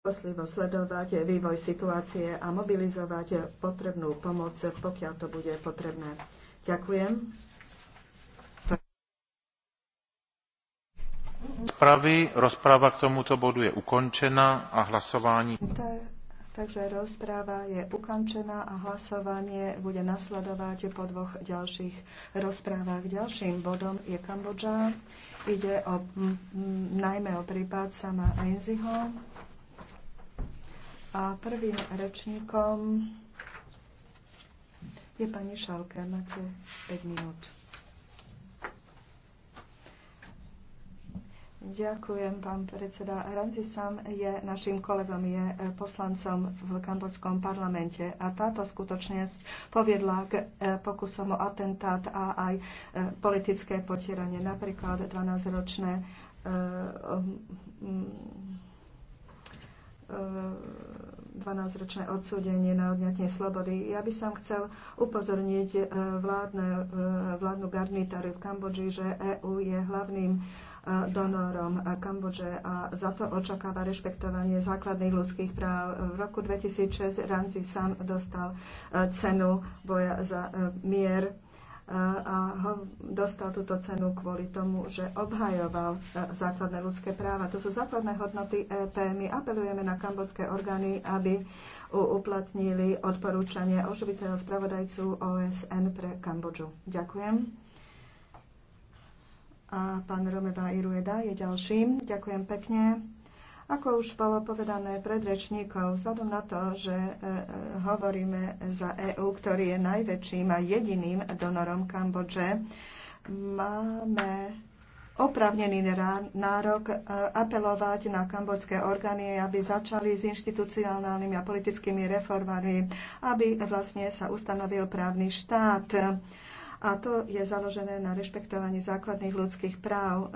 poslivo sledovať vývoj situácie a mobilizovať potrebnú pomoc, pokiaľ to bude potrebné. Ďakujem. Pravy, rozpráva k tomuto bodu je ukončená a hlasování... Takže rozpráva je ukončená a hlasovanie bude nasledovať po dvoch ďalších rozprávach. Ďalším bodom je Kambodža. Ide o, najmä o prípad sama Enziho. A prvým rečníkom je pani Šalke. Máte 5 minút. Ďakujem, pán predseda. Ranzi Sam je našim kolegom, je poslancom v kambodžskom parlamente a táto skutočnosť poviedla k e, pokusom o atentát a aj e, politické potieranie. Napríklad 12-ročné 12-ročné odsúdenie na odňatie slobody. Ja by som chcel upozorniť eh, vládne, eh, vládnu garnitáru v Kambodži, že EÚ je hlavným eh, donorom Kambodže a za to očakáva rešpektovanie základných ľudských práv. V roku 2006 Ranzi sám dostal cenu boja za mier a dostal túto cenu kvôli tomu, že obhajoval e, základné ľudské práva. To sú základné hodnoty EP. My apelujeme na kambodské orgány, aby uplatnili odporúčanie oživiteľa spravodajcu OSN pre Kambodžu. Ďakujem. A pán Romeva Irueda je ďalším. Ďakujem pekne. Ako už bolo povedané predrečníkov, vzhľadom na to, že e, e, hovoríme za EÚ, ktorý je najväčším a jediným donorom Kambodže, máme opravnený nárok e, apelovať na kambodské orgány, aby začali s inštitucionálnymi a politickými reformami, aby vlastne sa ustanovil právny štát. A to je založené na rešpektovaní základných ľudských práv.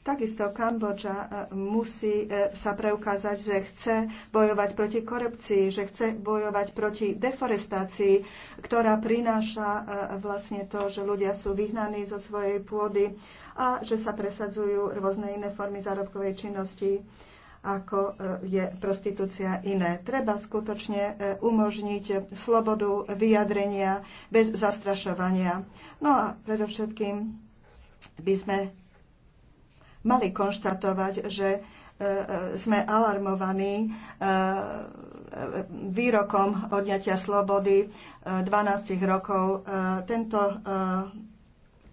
Takisto Kambodža e, musí e, sa preukázať, že chce bojovať proti korupcii, že chce bojovať proti deforestácii, ktorá prináša e, vlastne to, že ľudia sú vyhnaní zo svojej pôdy a že sa presadzujú rôzne iné formy zárobkovej činnosti ako je prostitúcia iné. Treba skutočne umožniť slobodu vyjadrenia bez zastrašovania. No a predovšetkým by sme mali konštatovať, že e, e, sme alarmovaní e, výrokom odňatia slobody 12 rokov. Tento,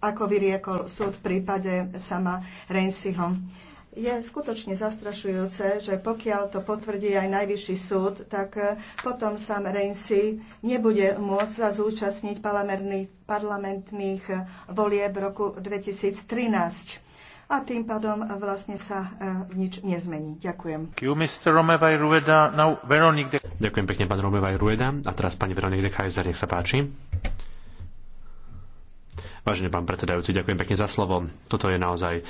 ako vyriekol súd v prípade sama Rensiho. Je skutočne zastrašujúce, že pokiaľ to potvrdí aj najvyšší súd, tak potom sám Rensi nebude môcť sa zúčastniť parlamentných volieb roku 2013 a tým pádom vlastne sa e, nič nezmení. Ďakujem. Ďakujem pekne, pán Romevaj Rueda. A teraz pani Veronik de Kaiser, nech sa páči. Vážený pán predsedajúci, ďakujem pekne za slovo. Toto je naozaj e,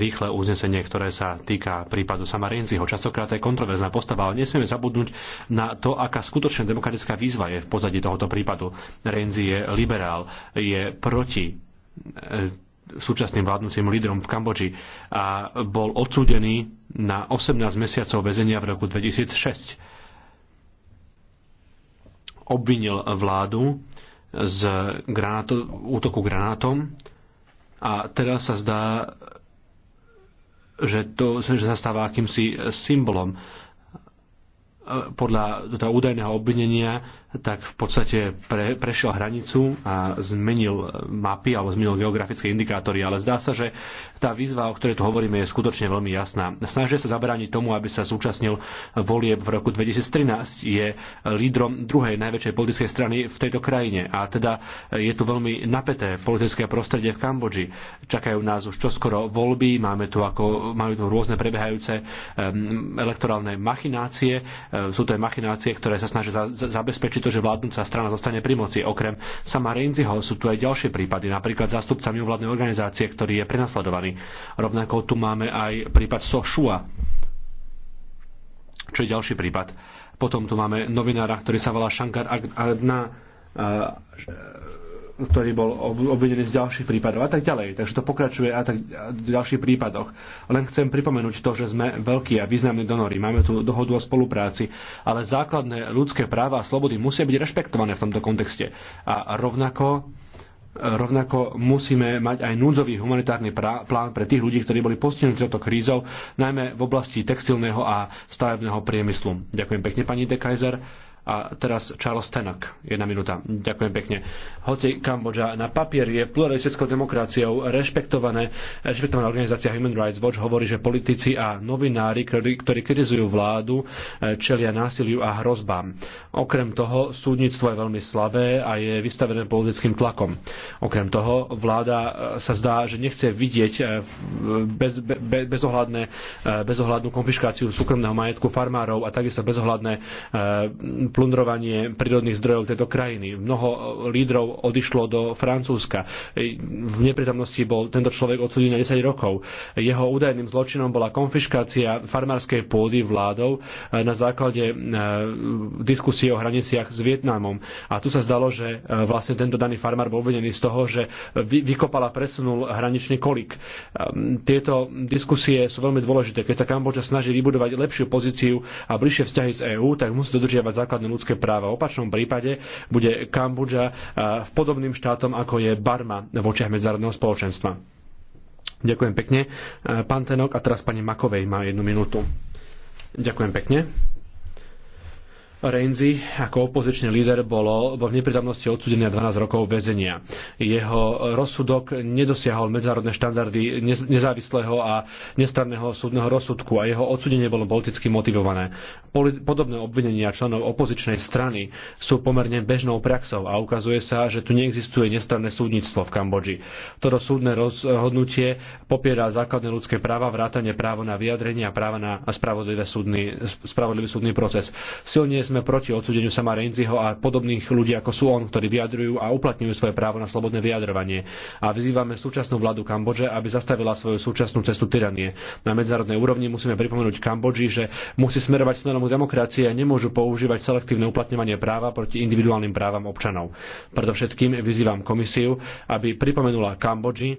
rýchle uznesenie, ktoré sa týka prípadu Samarinziho. Častokrát je kontroverzná postava, ale nesmieme zabudnúť na to, aká skutočne demokratická výzva je v pozadí tohoto prípadu. Renzi je liberál, je proti e, súčasným vládnúcim lídrom v Kambodži a bol odsúdený na 18 mesiacov väzenia v roku 2006. Obvinil vládu z granáto, útoku granátom a teraz sa zdá, že to že sa stáva akýmsi symbolom podľa teda údajného obvinenia tak v podstate pre, prešiel hranicu a zmenil mapy alebo zmenil geografické indikátory, ale zdá sa, že tá výzva, o ktorej tu hovoríme, je skutočne veľmi jasná. Snažia sa zabrániť tomu, aby sa zúčastnil volieb v roku 2013. Je lídrom druhej najväčšej politickej strany v tejto krajine a teda je tu veľmi napäté politické prostredie v Kambodži. Čakajú nás už čoskoro voľby, máme tu, ako, majú tu rôzne prebiehajúce um, elektorálne machinácie, sú to machinácie, ktoré sa snažia za, za, zabezpečiť to, že vládnúca strana zostane pri moci. Okrem sama Reinziho sú tu aj ďalšie prípady, napríklad zástupca mimovládnej organizácie, ktorý je prenasledovaný. Rovnako tu máme aj prípad Sošua, čo je ďalší prípad. Potom tu máme novinára, ktorý sa volá Shankar Adna, ktorý bol obvinený z ďalších prípadov a tak ďalej. Takže to pokračuje a tak v ďalších prípadoch. Len chcem pripomenúť to, že sme veľkí a významní donory. Máme tu dohodu o spolupráci, ale základné ľudské práva a slobody musia byť rešpektované v tomto kontexte. A rovnako rovnako musíme mať aj núdzový humanitárny plán pre tých ľudí, ktorí boli postihnutí touto krízou, najmä v oblasti textilného a stavebného priemyslu. Ďakujem pekne, pani De Kaiser. A teraz Charles Tenak, jedna minúta. Ďakujem pekne. Hoci Kambodža na papier je pluralistickou demokraciou rešpektované, rešpektovaná organizácia Human Rights Watch hovorí, že politici a novinári, ktorí, kritizujú vládu, eh, čelia násiliu a hrozbám. Okrem toho, súdnictvo je veľmi slabé a je vystavené politickým tlakom. Okrem toho, vláda eh, sa zdá, že nechce vidieť eh, bez, be, bezohľadné, bezohľadnú konfiškáciu súkromného majetku farmárov a takisto bezohľadné plundrovanie prírodných zdrojov tejto krajiny. Mnoho e, lídrov odišlo do Francúzska. E, v neprítomnosti bol tento človek odsudený na 10 rokov. Jeho údajným zločinom bola konfiškácia farmárskej pôdy vládou e, na základe diskusie o hraniciach s Vietnamom. A tu sa zdalo, že vlastne tento daný farmár bol obvinený z toho, že vykopal a presunul hraničný kolik. Tieto diskusie sú veľmi dôležité. Keď sa Kambodža snaží vybudovať lepšiu pozíciu a bližšie vzťahy s EÚ, tak musí dodržiavať základné základné ľudské práva. V opačnom prípade bude Kambodža podobným štátom, ako je Barma v očiach medzinárodného spoločenstva. Ďakujem pekne. Pán Tenok a teraz pani Makovej má jednu minútu. Ďakujem pekne. Renzi ako opozičný líder bolo, bol v nepridavnosti odsudený na 12 rokov väzenia. Jeho rozsudok nedosiahol medzárodné štandardy nezávislého a nestranného súdneho rozsudku a jeho odsudenie bolo politicky motivované. Podobné obvinenia členov opozičnej strany sú pomerne bežnou praxou a ukazuje sa, že tu neexistuje nestranné súdnictvo v Kambodži. Toto súdne rozhodnutie popiera základné ľudské práva, vrátanie právo na vyjadrenie a práva na spravodlivý súdny, spravodlivý súdny proces. Silne sme sme proti odsúdeniu Sama Renziho a podobných ľudí ako sú on, ktorí vyjadrujú a uplatňujú svoje právo na slobodné vyjadrovanie. A vyzývame súčasnú vládu Kambodže, aby zastavila svoju súčasnú cestu tyranie. Na medzinárodnej úrovni musíme pripomenúť Kambodži, že musí smerovať smerom k demokracii a nemôžu používať selektívne uplatňovanie práva proti individuálnym právam občanov. Predovšetkým vyzývam komisiu, aby pripomenula Kambodži, e,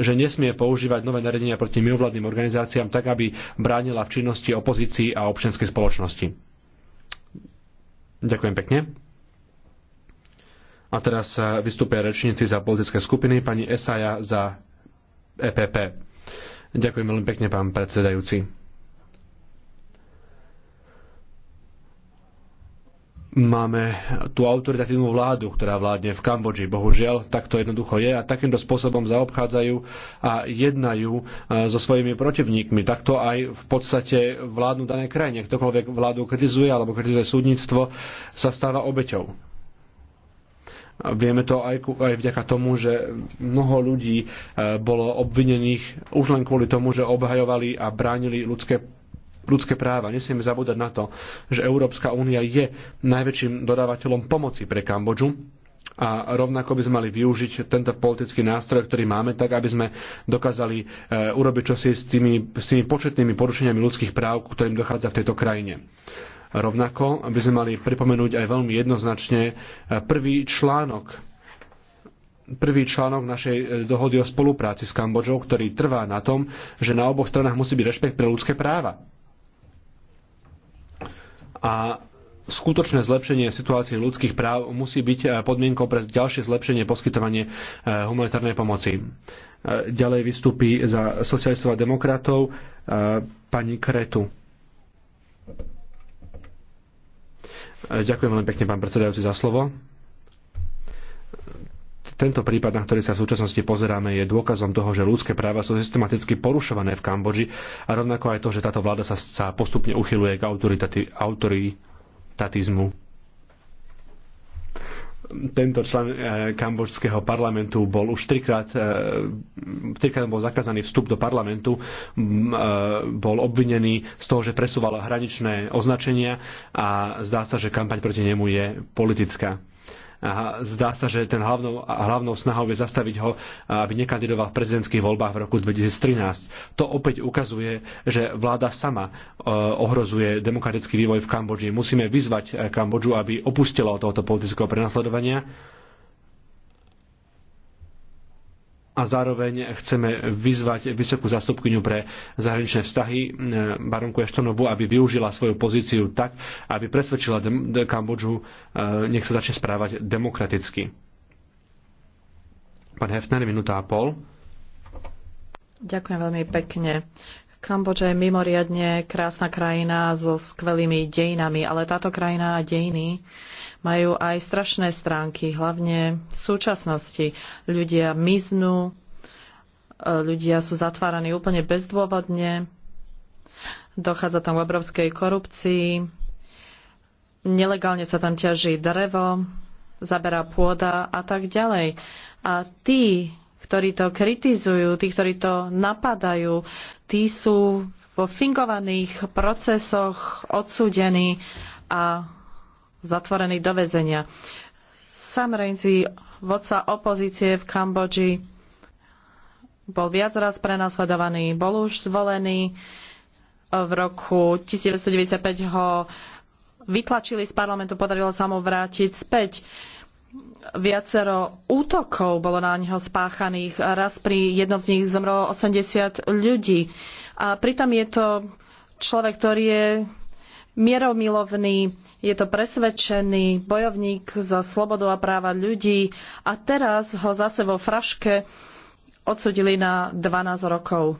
že nesmie používať nové nariadenia proti mimovládnym organizáciám tak, aby bránila v činnosti opozícii a občianskej spoločnosti. Ďakujem pekne. A teraz eh, vystúpia rečníci za politické skupiny, pani Esaja za EPP. Ďakujem veľmi pekne, pán predsedajúci. máme tú autoritatívnu vládu, ktorá vládne v Kambodži. Bohužiaľ, tak to jednoducho je a takýmto spôsobom zaobchádzajú a jednajú e, so svojimi protivníkmi. Takto aj v podstate vládnu dané krajine. Ktokoľvek vládu kritizuje alebo kritizuje súdnictvo, sa stáva obeťou. A vieme to aj, aj vďaka tomu, že mnoho ľudí e, bolo obvinených už len kvôli tomu, že obhajovali a bránili ľudské ľudské práva. Nesmieme zabúdať na to, že Európska únia je najväčším dodávateľom pomoci pre Kambodžu a rovnako by sme mali využiť tento politický nástroj, ktorý máme, tak aby sme dokázali e, urobiť čosi s tými, s tými početnými porušeniami ľudských práv, ktorým dochádza v tejto krajine. Rovnako by sme mali pripomenúť aj veľmi jednoznačne e, prvý článok prvý článok našej e, dohody o spolupráci s Kambodžou, ktorý trvá na tom, že na oboch stranách musí byť rešpekt pre ľudské práva a skutočné zlepšenie situácie ľudských práv musí byť eh, podmienkou pre ďalšie zlepšenie poskytovanie eh, humanitárnej pomoci. Eh, ďalej vystúpi za socialistov a demokratov pani Kretu. Ďakujem veľmi pekne, pán predsedajúci, za slovo. Tento prípad, na ktorý sa v súčasnosti pozeráme, je dôkazom toho, že ľudské práva sú systematicky porušované v Kambodži a rovnako aj to, že táto vláda sa, sa postupne uchyluje k autoritatizmu tento člen e, kambočského parlamentu bol už trikrát, e, trikrát bol zakázaný vstup do parlamentu, e, bol obvinený z toho, že presúval hraničné označenia a zdá sa, že kampaň proti nemu je politická zdá sa, že ten hlavnou, hlavnou snahou je zastaviť ho, aby nekandidoval v prezidentských voľbách v roku 2013. To opäť ukazuje, že vláda sama e, ohrozuje demokratický vývoj v Kambodži. Musíme vyzvať e, Kambodžu, aby opustila od tohoto politického prenasledovania a zároveň chceme vyzvať vysokú zastupkyňu pre zahraničné vztahy eh, baronku Eštonovu, aby využila svoju pozíciu tak, aby presvedčila Kambodžu, eh, nech sa začne správať demokraticky. Pán Hefner, minúta a pol. Ďakujem veľmi pekne. Kambodža je mimoriadne krásna krajina so skvelými dejinami, ale táto krajina a dejiny majú aj strašné stránky, hlavne v súčasnosti. Ľudia miznú, e, ľudia sú zatváraní úplne bezdôvodne, dochádza tam k obrovskej korupcii, nelegálne sa tam ťaží drevo, zaberá pôda a tak ďalej. A tí, ktorí to kritizujú, tí, ktorí to napadajú, tí sú vo fingovaných procesoch odsúdení a zatvorení do väzenia. Sam Rainsy, vodca opozície v Kambodži, bol viac raz prenasledovaný, bol už zvolený. V roku 1995 ho vytlačili z parlamentu, podarilo sa mu vrátiť späť. Viacero útokov bolo na neho spáchaných. Raz pri jednom z nich zomrelo 80 ľudí. A pritom je to človek, ktorý je mieromilovný, je to presvedčený bojovník za slobodu a práva ľudí a teraz ho zase vo fraške odsudili na 12 rokov.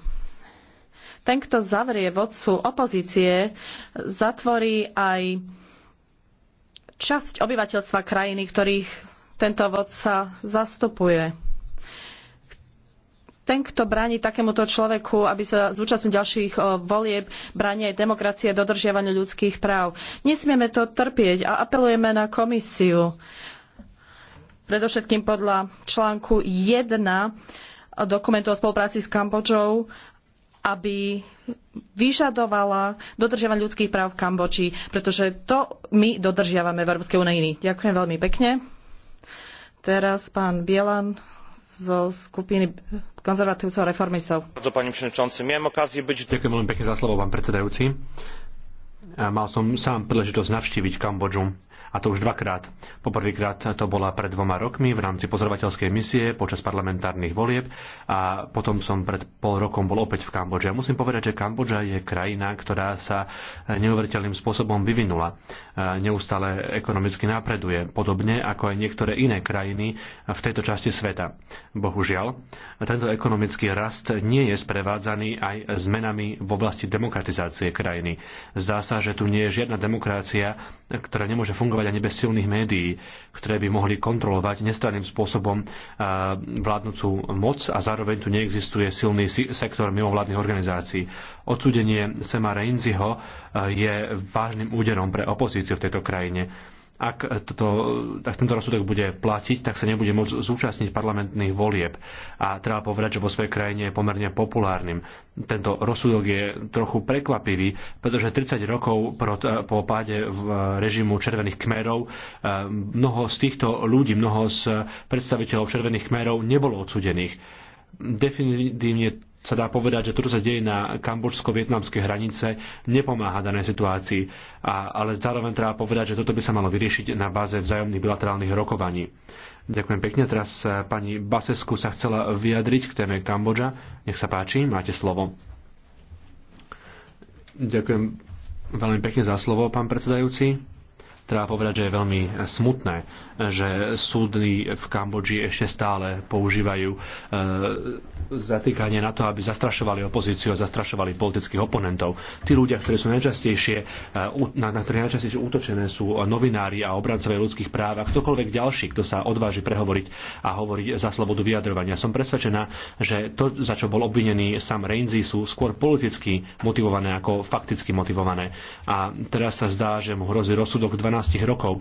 Ten, kto zavrie vodcu opozície, zatvorí aj časť obyvateľstva krajiny, ktorých tento vodca zastupuje ten, kto bráni takémuto človeku, aby sa zúčastnil ďalších volieb, bráni aj demokracie a dodržiavaniu ľudských práv. Nesmieme to trpieť a apelujeme na komisiu. Predovšetkým podľa článku 1 dokumentu o spolupráci s Kambodžou, aby vyžadovala dodržiavanie ľudských práv v Kambodži, pretože to my dodržiavame v Európskej únii. Ďakujem veľmi pekne. Teraz pán Bielan zo skupiny konzervatívcov a reformistov. Ďakujem veľmi pekne za slovo, pán predsedajúci. Mal som sám príležitosť navštíviť Kambodžu a to už dvakrát. Poprvýkrát to bola pred dvoma rokmi v rámci pozorovateľskej misie počas parlamentárnych volieb a potom som pred pol rokom bol opäť v Kambodži. A musím povedať, že Kambodža je krajina, ktorá sa neuveriteľným spôsobom vyvinula. Neustále ekonomicky napreduje, podobne ako aj niektoré iné krajiny v tejto časti sveta. Bohužiaľ, tento ekonomický rast nie je sprevádzaný aj zmenami v oblasti demokratizácie krajiny. Zdá sa, že tu nie je žiadna demokracia, ktorá nemôže fungovať fungovať ani bez silných médií, ktoré by mohli kontrolovať nestranným spôsobom eh, vládnúcu moc a zároveň tu neexistuje silný sektor mimovládnych organizácií. Odsudenie Sema Reinziho eh, je vážnym úderom pre opozíciu v tejto krajine ak, toto, ak tento rozsudok bude platiť, tak sa nebude môcť zúčastniť parlamentných volieb. A treba povedať, že vo svojej krajine je pomerne populárnym. Tento rozsudok je trochu prekvapivý, pretože 30 rokov po páde v režimu Červených kmerov eh, mnoho z týchto ľudí, mnoho z predstaviteľov Červených kmerov nebolo odsudených definitívne sa dá povedať, že to, čo sa deje na kambožsko-vietnamskej hranice, nepomáha danej situácii. A, ale zároveň treba povedať, že toto by sa malo vyriešiť na báze vzájomných bilaterálnych rokovaní. Ďakujem pekne. Teraz eh, pani Basesku sa chcela vyjadriť k téme Kambodža. Nech sa páči, máte slovo. Ďakujem veľmi pekne za slovo, pán predsedajúci treba povedať, že je veľmi eh, smutné, eh, že súdny v Kambodži ešte stále používajú zatýkanie na to, aby zastrašovali opozíciu a zastrašovali politických oponentov. Tí ľudia, ktorí sú najčastejšie, e, na, na ktoré najčastejšie útočené sú novinári a obrancovia ľudských práv a ktokoľvek ďalší, kto sa odváži prehovoriť a hovoriť za slobodu vyjadrovania. Som presvedčená, že to, za čo bol obvinený sám Reinzi, sú skôr politicky motivované ako fakticky motivované. A teraz sa zdá, že mu hrozí rozsudok 12 rokov, e,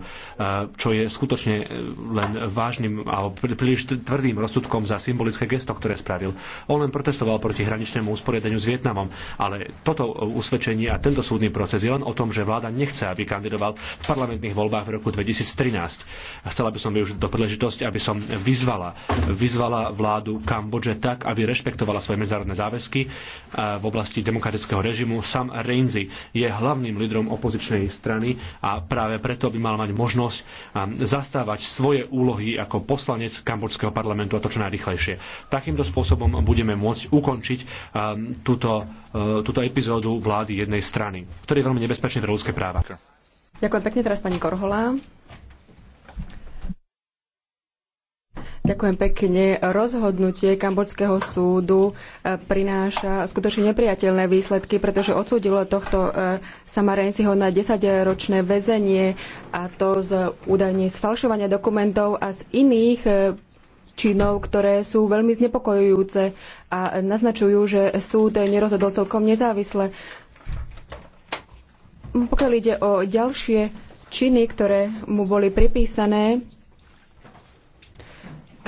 čo je skutočne e, len vážnym a príliš tvrdým rozsudkom za symbolické gesto, ktoré spravil. On len protestoval proti hraničnému usporiadeniu s Vietnamom. Ale toto usvedčenie a tento súdny proces je len o tom, že vláda nechce, aby kandidoval v parlamentných voľbách v roku 2013. Chcela by som využiť do príležitosť, aby som vyzvala, vyzvala vládu Kambodže tak, aby rešpektovala svoje medzinárodné záväzky eh, v oblasti demokratického režimu. Sam Rainsy je hlavným lídrom opozičnej strany a práve preto by mal mať možnosť eh, zastávať svoje úlohy ako poslanec Kambodžského parlamentu a to čo najrychlejšie. Takýmto spôsobom potom budeme môcť ukončiť ehm, túto, eh, túto epizódu vlády jednej strany, ktorý je veľmi nebezpečný pre ľudské práva. Ďakujem pekne teraz pani Korholá. Ďakujem pekne. Rozhodnutie Kambodského súdu eh, prináša skutočne nepriateľné výsledky, pretože odsúdilo tohto eh, Samarenciho na 10-ročné väzenie a to z údajne sfalšovania dokumentov a z iných činov, ktoré sú veľmi znepokojujúce a naznačujú, že súd nerozhodol celkom nezávisle. Pokiaľ ide o ďalšie činy, ktoré mu boli pripísané,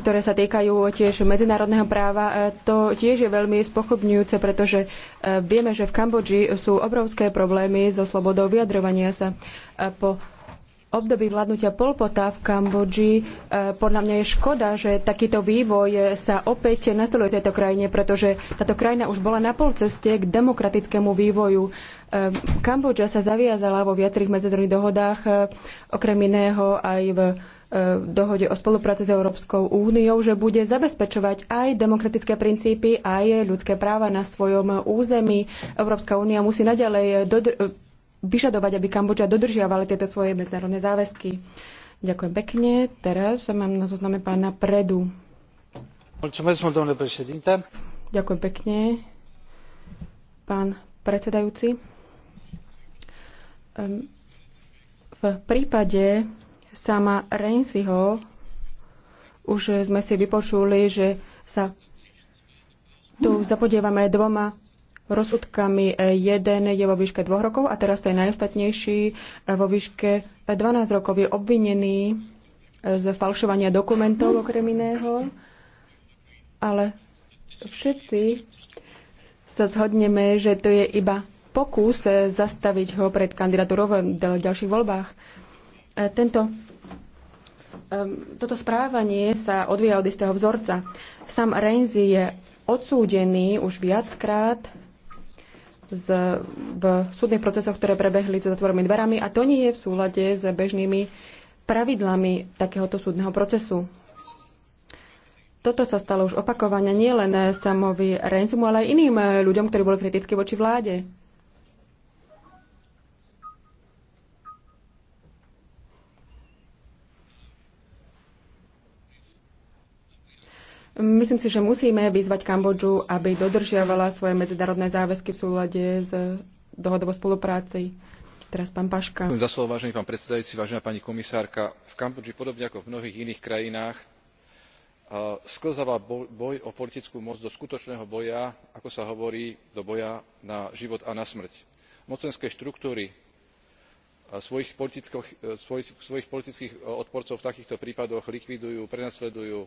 ktoré sa týkajú tiež medzinárodného práva, e, to tiež je veľmi spochybňujúce, pretože e, vieme, že v Kambodži sú obrovské problémy so slobodou vyjadrovania sa. E, po období vládnutia Polpota v Kambodži e, podľa mňa je škoda, že takýto vývoj sa opäť nastoluje v tejto krajine, pretože táto krajina už bola na pol ceste k demokratickému vývoju. E, Kambodža sa zaviazala vo viacerých medzinárodných dohodách, e, okrem iného aj v dohode o spolupráci s Európskou úniou, že bude zabezpečovať aj demokratické princípy, aj ľudské práva na svojom území. Európska únia musí naďalej vyžadovať, aby Kambodža dodržiavala tieto svoje medzinárodné záväzky. Ďakujem pekne. Teraz mám na zozname pána Predu. Ďakujem pekne. Pán predsedajúci. Ehm, v prípade sama Rensiho už sme si vypočuli, že sa tu zapodievame dvoma rozsudkami. E, jeden je vo výške dvoch rokov a teraz ten najostatnejší e, vo výške 12 rokov je obvinený e, z falšovania dokumentov okrem iného. Ale všetci sa zhodneme, že to je iba pokus zastaviť ho pred kandidatúrou v ďalších voľbách. Tento, toto správanie sa odvíja od istého vzorca. Sam Renzi je odsúdený už viackrát z, v súdnych procesoch, ktoré prebehli so zatvorenými dverami a to nie je v súlade s bežnými pravidlami takéhoto súdneho procesu. Toto sa stalo už opakovane nielen Samovi Renzimu, ale aj iným ľuďom, ktorí boli kritickí voči vláde. Myslím si, že musíme vyzvať Kambodžu, aby dodržiavala svoje medzinárodné záväzky v súlade s dohodovou spolupráci. Teraz pán Paška. Ďakujem za slovo, vážený pán predsedajúci, vážená pani komisárka. V Kambodži, podobne ako v mnohých iných krajinách, sklzáva boj o politickú moc do skutočného boja ako sa hovorí do boja na život a na smrť. mocenské štruktúry svojich politických e, e, odporcov v takýchto prípadoch likvidujú prenasledujú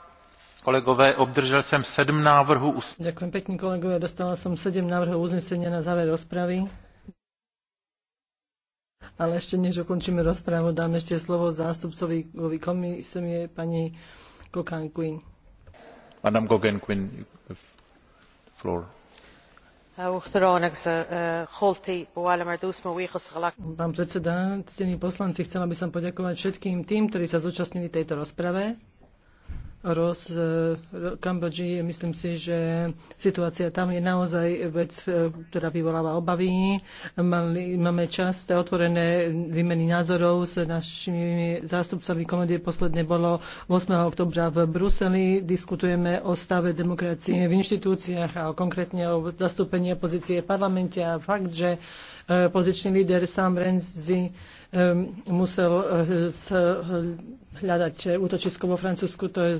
Kolegové, obdržel som 7 návrhov usnesenia. Ďakujem pekne, kolegové. Dostala som sedem návrhov uznesenia na záver rozpravy. Ale ešte než ukončíme rozprávu, dám ešte slovo zástupcovi komisie pani Kokan Quinn. Madame Kokan Quinn, floor. Pán predseda, ctení poslanci, chcela by som poďakovať všetkým tým, ktorí sa zúčastnili tejto rozprave roz e, Kambodži. Myslím si, že situácia tam je naozaj vec, e, ktorá vyvoláva obavy. Máme čas, otvorené výmeny názorov s našimi zástupcami komedie Posledne bolo 8. oktobra v Bruseli. Diskutujeme o stave demokracie v inštitúciách a konkrétne o zastúpení opozície v parlamente a fakt, že e, pozičný líder sám Renzi Ehm, musel eh, eh, hľadať útočisko vo Francúzsku, to je, eh,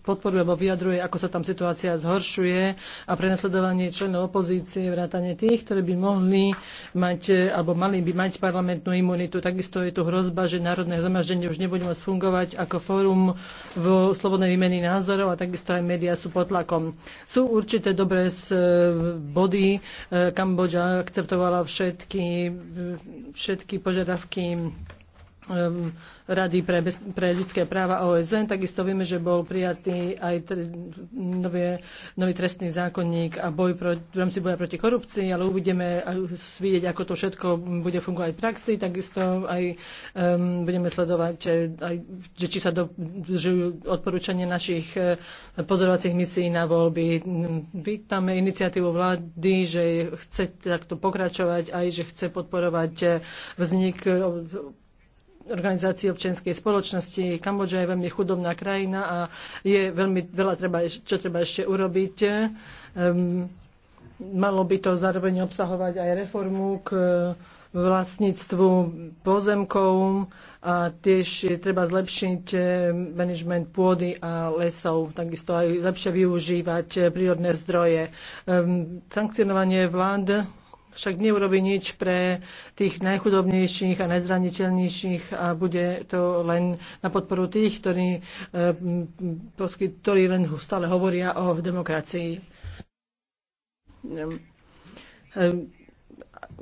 podporuje lebo vyjadruje, ako sa tam situácia zhoršuje a prenasledovanie členov opozície, vrátanie tých, ktorí by mohli mať alebo mali by mať parlamentnú imunitu. Takisto je tu hrozba, že Národné zhromaždenie už nebude môcť fungovať ako fórum vo slobodnej výmeny názorov a takisto aj médiá sú pod tlakom. Sú určité dobré body. Kambodža akceptovala všetky, všetky požiadavky predsedníctvom. Ehm, Rady pre, bez, pre ľudské práva OSN. Takisto vieme, že bol prijatý aj tre, nový, nový trestný zákonník a boj pro, v rámci boja proti korupcii, ale uvidíme vidieť, ako to všetko bude fungovať v praxi. Takisto aj um, budeme sledovať, že, aj, že či sa dodržujú odporúčania našich e, pozorovacích misií na voľby. Vítame iniciatívu vlády, že chce takto pokračovať aj, že chce podporovať e, vznik e, organizácií občianskej spoločnosti. Kambodža je veľmi chudobná krajina a je veľmi veľa, treba, čo treba ešte urobiť. Um, malo by to zároveň obsahovať aj reformu k vlastníctvu pozemkov a tiež treba zlepšiť ehm, management pôdy a lesov, takisto aj lepšie využívať prírodné zdroje. Ehm, sankcionovanie vlád však neurobi nič pre tých najchudobnejších a najzraniteľnejších a bude to len na podporu tých, ktorí, eh, ktorí len stále hovoria o demokracii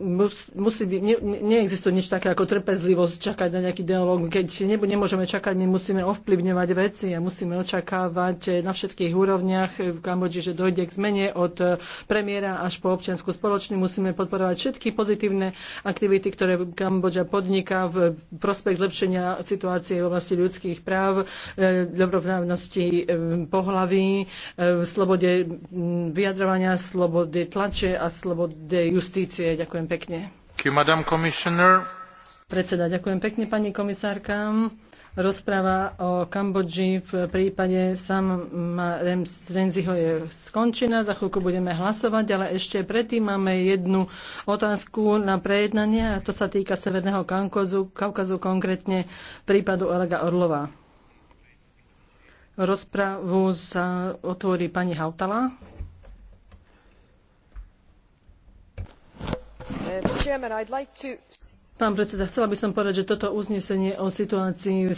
mus, musí byť, ne, neexistuje nič také ako trpezlivosť čakať na nejaký dialog. Keď nemôžeme čakať, my musíme ovplyvňovať veci a musíme očakávať eh, na všetkých úrovniach eh, v Kambodži, že dojde k zmene od eh, premiéra až po občiansku spoločnú. Musíme podporovať všetky pozitívne aktivity, ktoré Kambodža podniká v prospech zlepšenia situácie v oblasti ľudských práv, dobrovnávnosti pohlaví, slobode mm, vyjadrovania, slobode tlače a slobode justície. Ďakujem Ďakujem pekne. Predseda, ďakujem pekne pani komisárka. Rozpráva o Kambodži v prípade Sam Renziho je skončená. Za chvíľku budeme hlasovať, ale ešte predtým máme jednu otázku na prejednanie a to sa týka Severného Kaukazu, Kaukazu konkrétne prípadu Olega Orlova. Rozpravu sa otvorí pani Hautala. chcela by som povedať, že toto uznesenie o situácii v